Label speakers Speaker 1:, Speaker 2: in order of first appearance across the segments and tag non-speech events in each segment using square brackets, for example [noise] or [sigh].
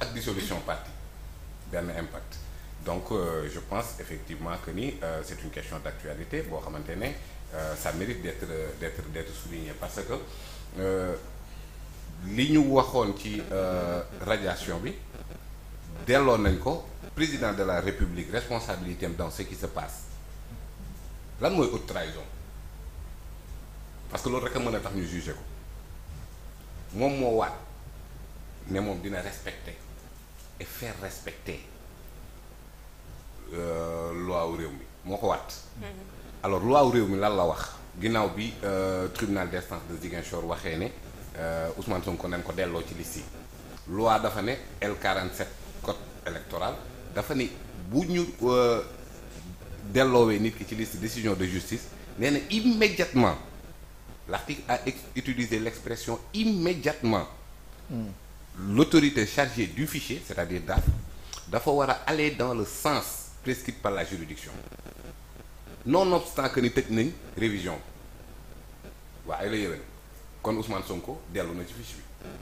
Speaker 1: ak dissolution parti benn impact donc euh, je pense effectivement que nii euh, c'est une question d'actualité boo xamante ne euh, ça mérite d'être d'être d'être souligné parce que euh, li ñu waxoon ci euh, radiation bi delloo nañ ko président de la république responsabilité am dans ce qui se passe lan mooy haute trahison parce que loolu rek mën a tax ñu juger ko moom moo waat ne moom dina respecter et faire respecter euh, loi wu réew mi moo ko waat mm-hmm. alors loi wu réew mi lan la wax ginnaaw bi euh, tribunal d'instance de Ziguinchor waxee ne euh, Ousmane Sonko nañ ko delloo ci liste yi loi dafa ne L47 code électoral dafa ne bu ñu delloowee nit ki ci liste décision de justice nee na immédiatement l'article a utilisé l'expression immédiatement mm. l'autorité chargée du fichier cest a dire DAF dafa war a aller dans le sens prescrit par la juridiction nonobstant que ni tëj nañ révision bi waa ay la yëwén kon Ousmane Sonko dellu na ci fiche bi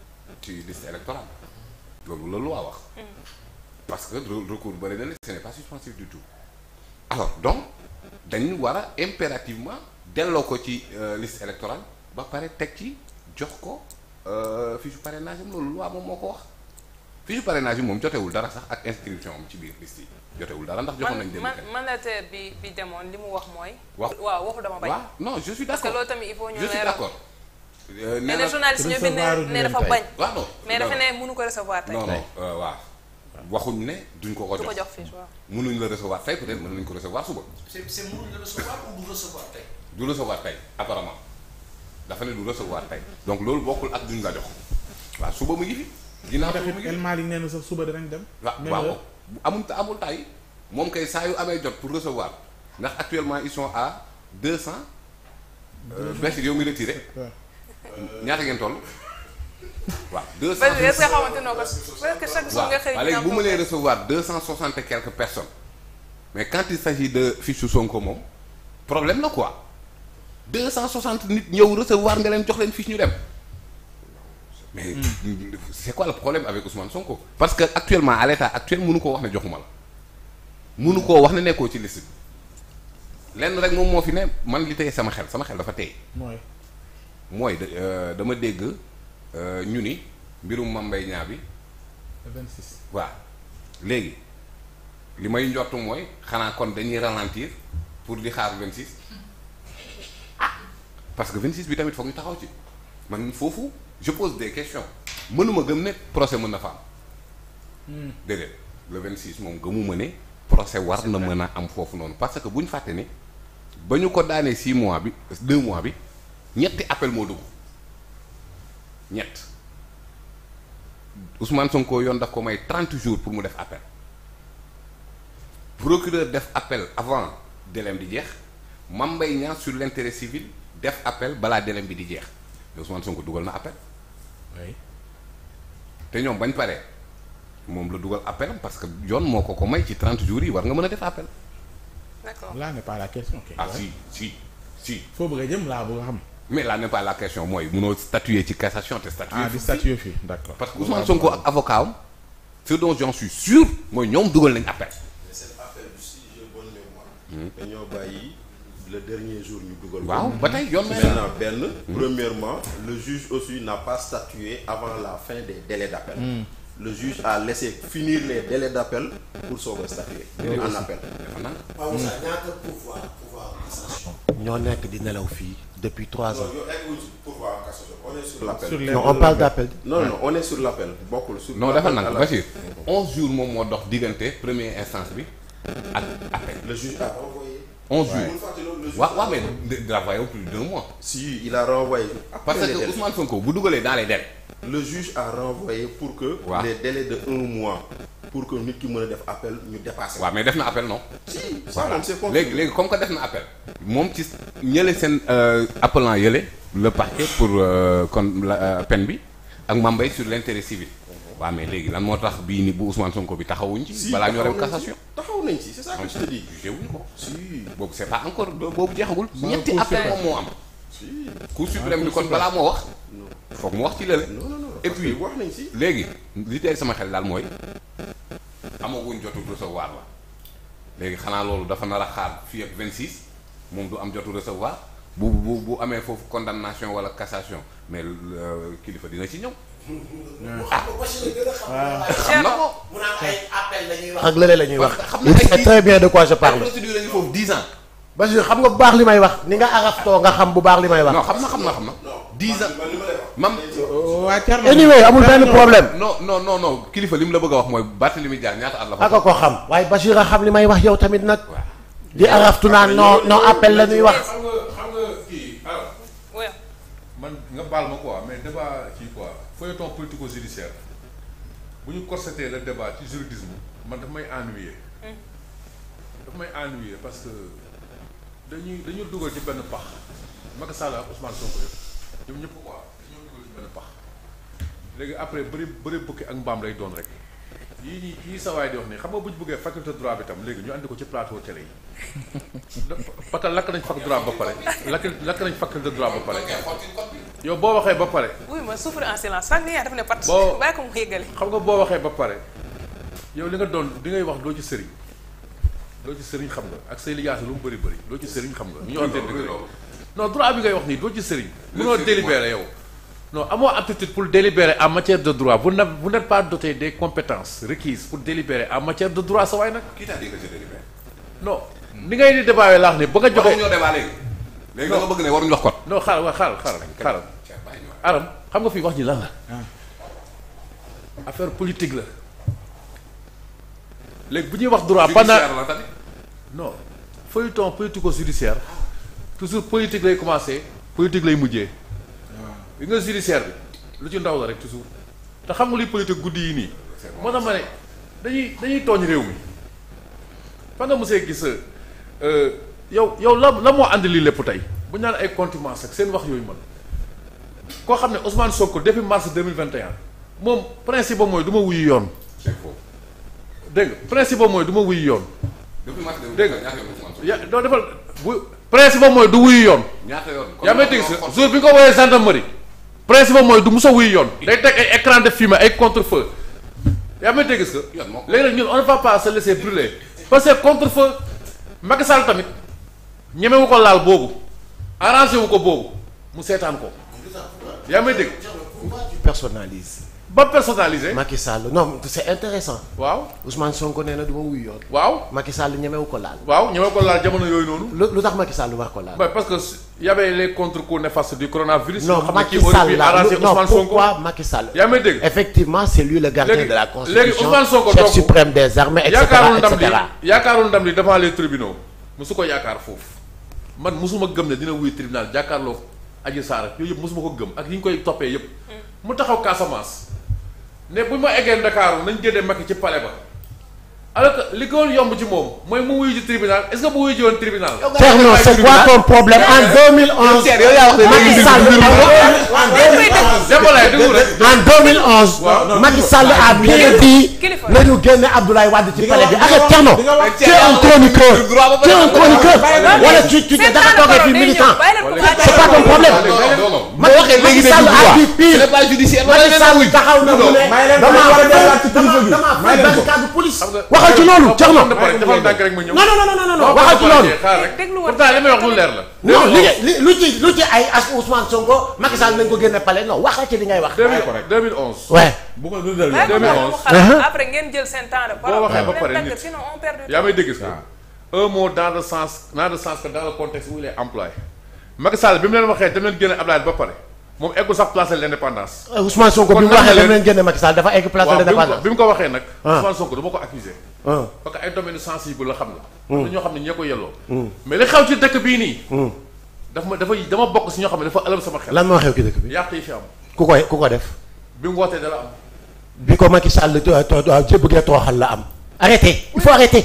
Speaker 1: ci liste électorale loolu la loi wax mm. parce que recours bëri na ne ce n'est pas suspensif du tout alors donc dañu war a impérativement delloo ko ci euh, liste électorale ba pare teg ci jox ko Euh, fi parrainage am loolu loi moom moo ko wax fiche parrainage bi moom jotewul dara sax ak inscription am ci biir liste yi jotewul dara ndax joxoon nañ dem
Speaker 2: mandataire bi bi demoon li mu wax mooy wax waaw waxu dama bañ waaw
Speaker 1: non je d'accord parce que loolu tamit il faut euh, ne dafa bañ wax non mais dafa ne mënu ko recevoir tey non non euh, waaw waxuñ ne duñ ko ko jox jox fiche waaw la recevoir tey peut-être mën ko recevoir suba
Speaker 2: c'est c'est la recevoir ou du recevoir tey
Speaker 1: du recevoir dafa ne du recevoir tey donc loolu bokkul ak duñ la jox waaw suba mu ngi dinaa ginnaaw bi mu ngi El Malick nee na sax suba danañ dem. waaw waaw amul amul tay moom kay saa yu amee jot pour recevoir ndax actuellement il sont à deux cent. Euh, vingt yow mi retiré. Euh, ñaata ngeen toll. waa deux cent. bu ma lay recevoir deux cent soixante et quelques personnes mais quand il s'agit de fiche su Sonko moom problème la quoi. deux cent soixante nit ñëw recevoir nga leen jox leen fiche ñu dem mais hmm. c'est quoi le problème avec Ousmane Sonko parce que actuellement à l'état actuel mënu koo wax ne joxuma la mënu koo wax ne nekkoo ci liste bi lenn rek moom moo fi ne man li tey sama xel sama xel dafa tey mooy euh, dama dégg euh, ñu ni mbirum Mame Mbaye Niang bi vingt-six waaw léegi li may njort mooy xanaa kon dañuy ralentir pour di xaar vingt-six parce que 26 bi tamit foog ñu taxaw ci man foofu je pose des questions mënuma gëm ne procès mën na fa am. Hmm. déedéet le 26 moom gëmuma ne. procès war na mën a am foofu noonu parce que bu ñu fàtte ni ba ñu ko daanee 6 mois bi 2 mois bi ñetti appel moo dugg ñett Ousmane Sonko yoon daf ko may 30 jours pour mu def appel procureur def appel avant délai di jeex Mame Mbaye Niang sur l' intérêt civil. def appel balaa délai bi di jeex mais Ousmane Sonko dugal na appel. te ñoom bañ paree moom la dugal appel parce que yoon moo ko ko may ci 30 jours yi war nga mën a def appel.
Speaker 3: d'accord là n'est pas la question. Okay. ah si
Speaker 1: si si. foo bëgg a
Speaker 3: jëm laa bëgg xam.
Speaker 1: mais là n'est pas la question mooy munoo statuer ci cassation te statuer. ah di statuer fii d'accord. parce que Ousmane Sonko ak avocat am ce dont j'en suis mooy ñoom dugal nañ appel. mais le dernier ñu dugal. waaw ba tey yoon benn. Hmm. le juge aussi n'a pas statué avant la fin des délais d'appel. Hmm. le juge a laissé finir les délais d'appel pour soo a statuer. Hmm.
Speaker 3: ñoo nekk di nelaw fii depuis trois ans. on est sur l'appel. non on parle d'appel. non
Speaker 1: on est sur l'appel bokkul sur. non nang Bachir. onze jours moom moo dox diggante première instance bi ak appel.
Speaker 2: 11 jours waaw waaw mais
Speaker 1: il a renvoyé plus d'un mois. si il a renvoyé. parce que Ousmane Sonko bu dugalee dans les délais. le juge a renvoyé pour que. waaw les délais de un mois. pour que nit ki mën a def appel ñu dépassé. waaw mais def na appel non. si ça moom c'est léegi comme que def na appel. moom ci ñële seen euh, appelant yële. le parquet pour euh, kon euh, peine bi ak Mame Mbaye sur l' intérêt civil. waaw mais léegi lan moo tax bii ni bu Ousmane Sonko bi taxawuñ ci. balaa ñoo dem cassation taxaw nañ ci c'est ça que je ah, wuñ ko si boobu c'est pas encore boobu jeexagul. ñetti après moom moo am. si cour suprême bi kon moo wax. foog mu wax ci lële. non non léegi li tey sama xel daal mooy amaguñ jotu recevoir la léegi xanaa loolu dafa nar a xaar fii vingt 26 moom du am jotul recevoir bu bu bu amee foofu condamnation wala cassation mais euh, kilifa dina ci ñëw. xam na ko mu naan ay appel la ak lële la ñuy wax. il sait très bien de quoi je parle.
Speaker 3: procédure xam nga bu baax li may wax ni nga araftoo nga xam bu baax li may wax. non xam na xam na xam na.
Speaker 1: dix ans mam waa Thierno anyway amul benn problème. non non non non kilifa li mu la bëgg a wax mooy Barthélémy Dias ñaata at la. ak ko xam
Speaker 3: waaye Bachir a xam li may wax yow tamit nag. di araftu naan noo
Speaker 1: non appel la ñuy wax.
Speaker 2: xam nga feuilleton politico judiciaire bu ñu corseté le débat ci juridisme man dafa may ennuyer dafa may ennuyer parce que dañuy dañu dugal ci benn pax Macky Sall ak Ousmane Sonko yëpp ñëpp quoi dañoo dugal ci benn pax léegi après bëri bëri bukki ak mbaam lay doon rek yii ñuy yii sa waay di wax nii xam nga bu ñu bëggee faculté droit bi tam léegi ñu andi ko ci plateau télé yi [laughs] lakk nañ fac droit ba pare lakk lakk nañ faculté droit ba pare yow boo waxee ba pare.
Speaker 1: oui ma souffre en silence sànq yaa dafa ne pat. boo bàyyi ko mu yëgale. xam
Speaker 2: nga boo waxee ba pare yow li nga doon li ngay wax doo ci sëriñ doo ci sëriñ xam nga ak say liggéey lu mu bëri bëri doo ci sëriñ xam nga. ñu ñoo xam non droit bi ngay wax nii doo ci sëriñ. mënoo délibéré yow. non amoo aptitude pour délibérer en matière de droit bu n'êtes vous n'êtes pas doté des compétences requises pour délibérer en matière de droit sa waay nag. no ni ngay di débat laax ni ba nga joxee ñoo débat léegi. léegi da nga bëgg ne waruñu wax kon. non xaaral xaaral xaaral xaaral. aram xam nga fii wax ji lan la. Ah. affaire politique la. léegi bu ñuy wax droit pendant non feuilleton politico judiciaire toujours politique lay commencer politique lay mujjee. bi nga judiciaire bi lu ci ndaw la rek toujours te xam nga luy politique guddi yi nii. moo tax ma ne dañuy dañuy tooñ réew mi fa nga mosee gis euh, yow yow la la moo ànd lii lépp tey bu ñu ay contumace ak seen wax yooyu man koo xam ne Ousmane ko depuis mars deux mille vingt et un moom principe ba mooy du ma wuyu yoon. dégg nga principe ba mooy du ma wuyu yoon. dégg ya doo defal bu principe ba mooy du wuyu yoon. ñaata yoon yaa may dégg sa jour bi nga ko woowee gendarmerie. principe mooy du musa wuyu yoon. day teg ay écran de fumée ay contre-feu. yaa ngi may dégg gis nga. léegi nag ñun on ne va pas se parce que contre-feu Macky Sall tamit ñemewu ko laal boobu arrangé wu ko boobu mu seetaan ko. yaa ngi may dégg. personnalise. ba personnalisé. Macky
Speaker 3: Sall non c'est intéressant waaw Ousmane Sonko nee na du ma wuyu yoon. waaw Macky Sall ñemewu ko laal. waaw ñemewu ko laal jamono yooyu noonu. lu tax Macky Sall war ko laal.
Speaker 2: waaw parce que y avait les contre-coups néfastes du coronavirus. non Macky Sall la non pourquoi Macky Sall. yaa
Speaker 3: may dégg effectivement c'est lui le gardien de la constitution léegi suprême des armées et cetera
Speaker 2: yaakaarul ndam li devant les tribunaux mosu ko yaakaar foofu man mosuma gëm ne dina wuyu tribunal jàkkaarloo Adji Sarr yooyu yëpp mosuma ko gëm ak yi ñu koy toppee yëpp mm. mu taxaw ne bu ma eggee Ndakaaru nañ jëndee Macky ci palais ba alors que li ko yomb ci moom mooy mu wuyu ji tribunal est-ce que bu wuyu ji woon tribunal. Thierno c'est quoi ton problème en 2011. Macky Sall en
Speaker 3: 2011. Macky Sall a bien dit nañu génne Abdoulaye Wade ci palais bi arrête Thierno. tu es un chroniqueur tu es un chroniqueur wala tu tu dafa toogee fii militant c'est pas ton problème. ma waxee léegi ne du droit Macky Sall taxaw na mu ne damaa war a delluwaat ci kilifa gi damaa fay barricade police. waxal ci loolu Thierno non non non non waxal ci
Speaker 2: loolu. pourtant li may wax lu leer la. no
Speaker 3: lu ci lu ci ay as Ousmane Sonko Macky Sall nañ ko génne palais non wax ci li ngay wax. 2011
Speaker 2: waaw bu ko dundal 2011 après ngeen jël seen temps de parole boo waxee ba pare nit yaa may dégg ça un mot dans le sens dans le sens que dans le contexte où bi mu leen waxee dem leen génne Abdoulaye ba pare moom eggul sax place de l'indépendance. Ousmane Sonko bi mu waxee dem leen génne
Speaker 3: Macky dafa egg place de l'indépendance bi mu ko waxee nag.
Speaker 2: Ousmane Sonko du ma ko accusé. parce que ay la xam ko yelloo. ma dafay dama bokk si ñoo xam ne dafa ëlëm sama bi ko def. bi mu wootee dala am.
Speaker 3: bi ko Macky Sall la am. arrêté il faut arrêter.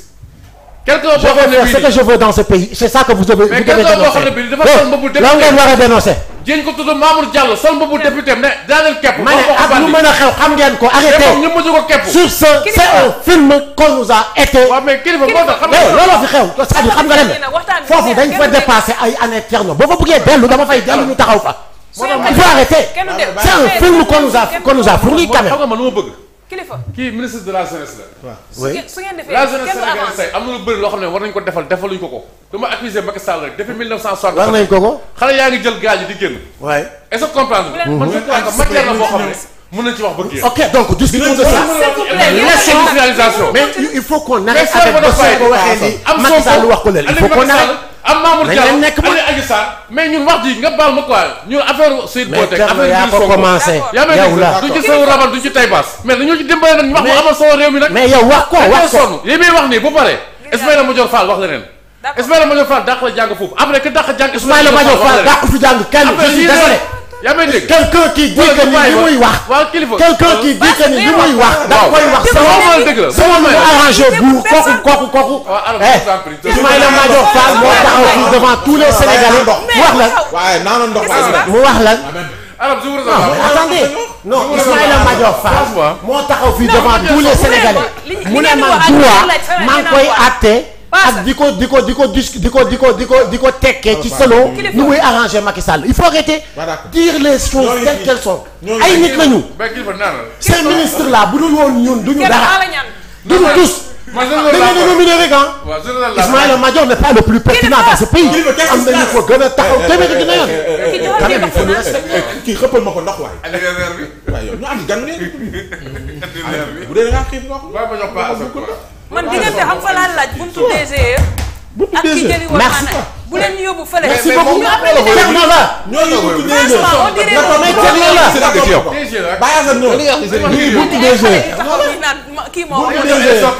Speaker 2: quelqu'un boo xam ce que je
Speaker 3: veux dans ce pays c'est ça que vous devez. mais quelqu'un boo xam ne bii dafa sol mbubu député lan ngeen war a dénoncer.
Speaker 2: jéem ko tudd Mamour Diallo sol mbubu député ne daaneel képp. ma ne ak lu mën a xew xam ngeen ko arrêté ñu mujj ko képp. sur ce c'est un
Speaker 3: film qu'on nous a été. waaw mais kilifa moo tax xam nga eh, looloo fi xew. c'est-à-dire xam nga leen
Speaker 1: foofu dañ fa dépassé
Speaker 3: ay nous a qu'on quand
Speaker 2: même. kilifa kii ministre de la jeunesse la. waaw la jeunesse
Speaker 3: sénégalaise
Speaker 2: am na lu bëri loo xam ne war nañ ko defal defaluñ ko ko. dama accuser Macky rek depuis 1960. war nañ ko ko xale yaa ngi la boo xam ne. mën nañ ci wax bëgg ok
Speaker 3: donc discussion de ça mais il faut qu'on arrête avec ko waxee nii Macky Sall wax ko leen il faut qu'on arrête
Speaker 2: am Mamour Diallo nekk mu ne Adji mais ñun wax ji nga baal ma quoi ñun affaire Seyd Bote affaire ko commencé yow la duñ ci saw rabal duñ ci tay baas mais dañoo ci dimbale nag ñu wax mu amal solo réew mi nag mais yow wax ko wax ko yi muy wax nii bu paree Ismaïla Madior Fall wax leneen Ismaïla Madior Fall dàq la jàng foofu après que dàq jàng Ismaïla Madior Fall dàq fi jàng kenn yaa may dégg quelqu'un qui dit que ni li muy wax.
Speaker 3: waaw kilifa quelqu'un qui dit que ni li muy wax. da koy wax sama sama mu arrangé bu kooku kooku kooku. Ismaïla Madior Fall moo taxaw fii devant tous les Sénégalais mu wax lan. waaye naanoon ndox mu wax lan.
Speaker 2: attendez non Ismaïla Madior
Speaker 3: Fall moo taxaw fii devant tous les Sénégalais mu ne man droit maa ngi ak di ko di ko di ko di ko di ko di ko di ko tekkee ci ah, selon nu muy arranger Macky Sall il faut arrêter dire les choses telles qu'elles sont ay nit lañu ces ministres là bu dul woon ñun duñu dara duñu tous da ngeen di nominé rek ah. a Madior n'est pas le plus pertinent dans ce pays. am na ñu ko gën a taxaw eh, eh, téeméeri eh, dina yoon. quand même il kii xëppal ma ko ndox waay.
Speaker 2: waaye yow ñu am gan bu dee da ngaa xiif man
Speaker 1: diggante xam fa laa
Speaker 3: laaj buntu DGE. buntu DGE merci bu leen yóbbu fële. merci beaucoup ñu am la.
Speaker 2: ñoo yóbbu DGE